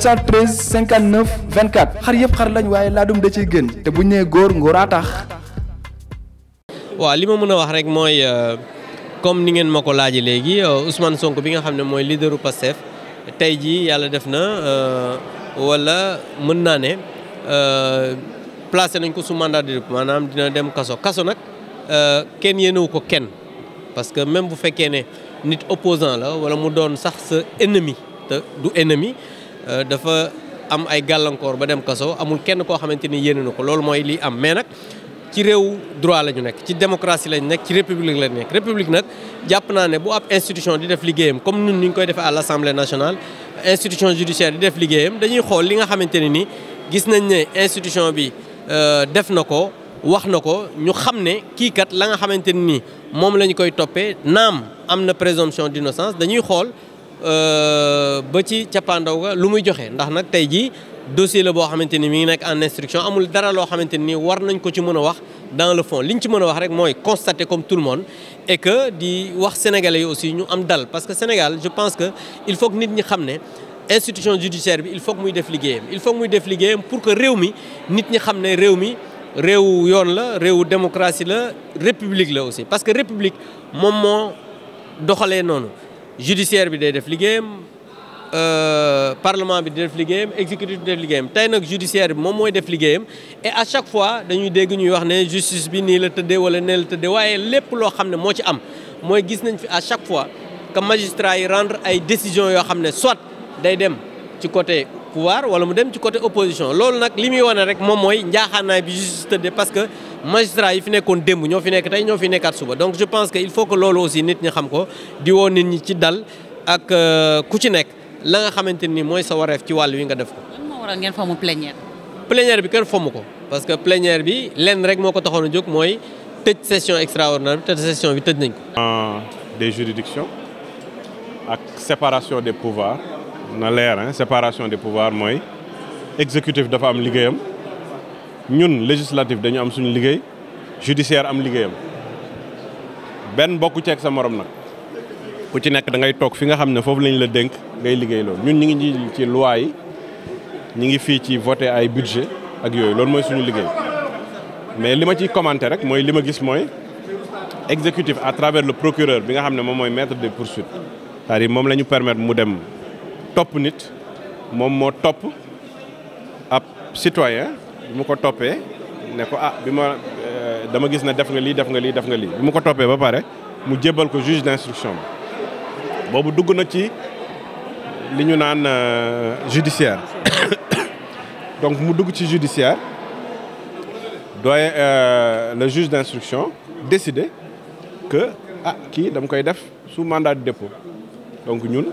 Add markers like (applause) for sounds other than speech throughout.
713 59 24 xar yëpp xar lañ waaye laa laadum de ciy gën te bu ñu nee góor ngóoraa tax. waaw li ma mën a wax rek mooy euh, comme ni ngeen ma ko laajee léegi euh, Ousmane sonk bi nga xam ne mooy leaderu Pastef tey jii yàlla def na euh, wala mën naa ne placé nañ ko sous mandat de dépôt maanaam dina dem kaso kaso nag kenn yéenewu ko kenn parce que même bu fekkee ne nit opposant la wala mu doon sax sa ennemi te du ennemi Euh, dafa am ay gàllankoor ba dem kaso amul kenn koo xamante ni yéene na ko loolu mooy lii am mais nag ci réew droit la ñu nekk ci démocratie la ñu nekk ci république la ñu nekk république nag jàpp naa ne bu ab institution di def liggéeyam comme ñun ni ñu koy defee à l' assemblée nationale institution judiciaire di def liggéeyam dañuy xool li nga xamante ne ni gis nañ ne institution bi euh, def na ko wax na ko ñu xam ne kii kat la nga xamante ne ni moom la ñu koy toppee naam am na présomption d' innocence dañuy xool Euh, ba ci cappaandaw ga lu muy joxe ndax nag tey jii dossier la boo xamante ni mu ngi nekk en instruction amul dara loo xamante ni war nañ ko ci mën a wax dans le fond li ñu ci mën a wax rek mooy constater comme tout le monde et que di wax sénégalais yi aussi ñu am dal parce que Sénégal je pense que il faut que nit ñi xam ne institution judiciaire bi il faut que muy def liggéeyam il faut muy def liggéeyam pour que réew mi nit ñi xam ne réew mi réew yoon la réewu démocratie la république la aussi parce que république moom moo doxalee noonu. judiciaire bi day def liggéeyam euh, parlement bi di def liggéeyam exécutif bi def liggéeyam tey nag judiciaire bi moom mooy def liggéeyam et à chaque fois dañuy dégg ñuy wax ne justice bi nii la tëddee wala nee la tëddee waaye lépp loo xam ne moo ci am mooy gis nañ fi à chaque fois que magistrat yi rendre ay décisions yoo xam ne soit day dem ci côté pouvoir wala mu dem ci côté opposition loolu nag li muy wane rek moom mooy njaaxaanaay bi justice tëddee parce que magistrat yi fi nekkoon démb ñoo fi nekk tey ñoo fi nekkaat suba donc je pense que il faut que loolu aussi nit ñi xam ko di woo nit ñi ci dal ak euh, ku ci nekk la nga xamante ni mooy sa wareef ci wàll wi nga def ko. lan moo waral ngeen fomm bi kenn fomm ko parce que plénière bi lenn rek moo ko taxoon a jóg mooy tëj session extraordinaire bi te session bi tëj nañ ko. des juridictions ak séparation des pouvoirs na leer séparation des pouvoirs mooy exécutif dafa am liggéeyam. ñun législatif dañu am suñu liggéey judiciaire am liggéeyam benn bokku ceeg sa morom nag ku ci nekk da ngay toog fi nga xam ne foofu lañ la dénk ngay liggéey loolu ñun ñi ngi ci loi yi ñi ngi fii ci voté ay budget ak yooyu loolu mooy suñu liggéey mais li ma ciy commenté rek mooy li ma gis mooy exécutif à travers le procureur bi nga xam ne moom mooy maître de poursuites c'est-à-dire moom la ñu permettre mu dem topp nit moom moo topp ab citoyen bi mu ko toppee ne ko ah bi ma euh, dama gis ne def nga lii def nga lii def nga lii bi mu ko toppee ba pare mu jébbal ko juge d'instruction bi boobu dugg na ci li ñu naan euh, judiciaire (coughs) donc mu dugg ci judiciaire doy euh, le juge d'instruction décider que ah kii dam koy def sous mandat de dépôt donc ñun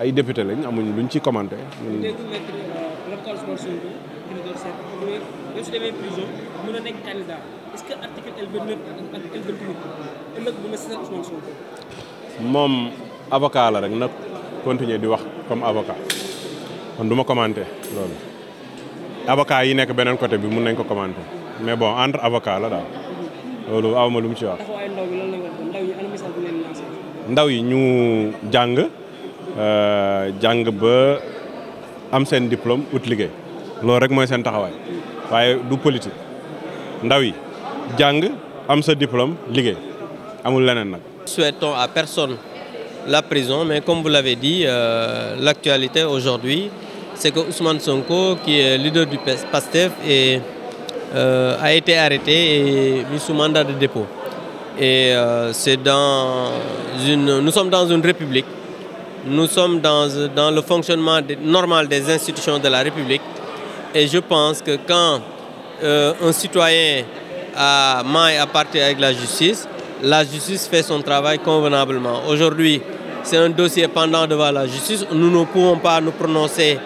ay député lañ amuñ luñ ci commenté. Clédor Sène mu ne même su demee prison mën moom avocat la rek na continuer di wax comme avocat kon du ma commenter loolu avocat yi nekk beneen côté bi mun nañ ko commenter mais bon entre avocat la daal loolu awma lu mu ci wax. ndaw yi ñu jàng euh, jàng ba am seen diplôme ut liggéey. loolu rek mooy seen taxawaay waaye du politique ndaw yi jàng am sa diplôme liggéey amul leneen nag. souhaitons à personne la prison mais comme vous l'avez dit euh, l'actualité aujourd'hui c'est que Ousmane Sonko qui est leader du PASTEF et euh, a été arrêté et mis sous mandat de dépôt et euh, c'est dans une nous sommes dans une république nous sommes dans dans le fonctionnement normal des institutions de la République Et je pense que quand euh, un citoyen a maille à partir avec la justice, la justice fait son travail convenablement. Aujourd'hui, c'est un dossier pendant devant la justice. Nous ne pouvons pas nous prononcer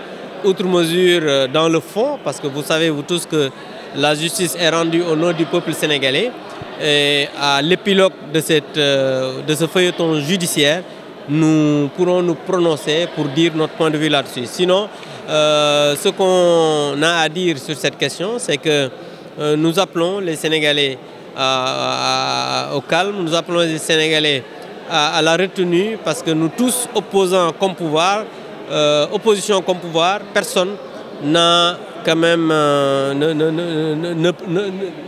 outre mesure euh, dans le fond, parce que vous savez, vous tous, que la justice est rendue au nom du peuple sénégalais. Et à l'épilogue de, cette, euh, de ce feuilleton judiciaire, nous pourrons nous prononcer pour dire notre point de vue là-dessus. Sinon, euh, ce qu'on a à dire sur cette question, c'est que euh, nous appelons les Sénégalais à, à, au calme, nous appelons les Sénégalais à, à, la retenue, parce que nous tous, opposants comme pouvoir, euh, opposition comme pouvoir, personne n'a quand même euh, ne, ne, ne,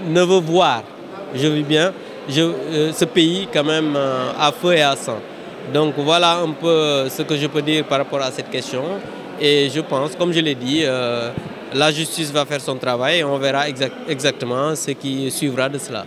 ne, veut voir, je vis bien, je, euh, ce pays quand même euh, à feu et à sang. Donc voilà un peu ce que je peux dire par rapport à cette question. Et je pense, comme je l'ai dit, euh, la justice va faire son travail et on verra exact, exactement ce qui suivra de cela.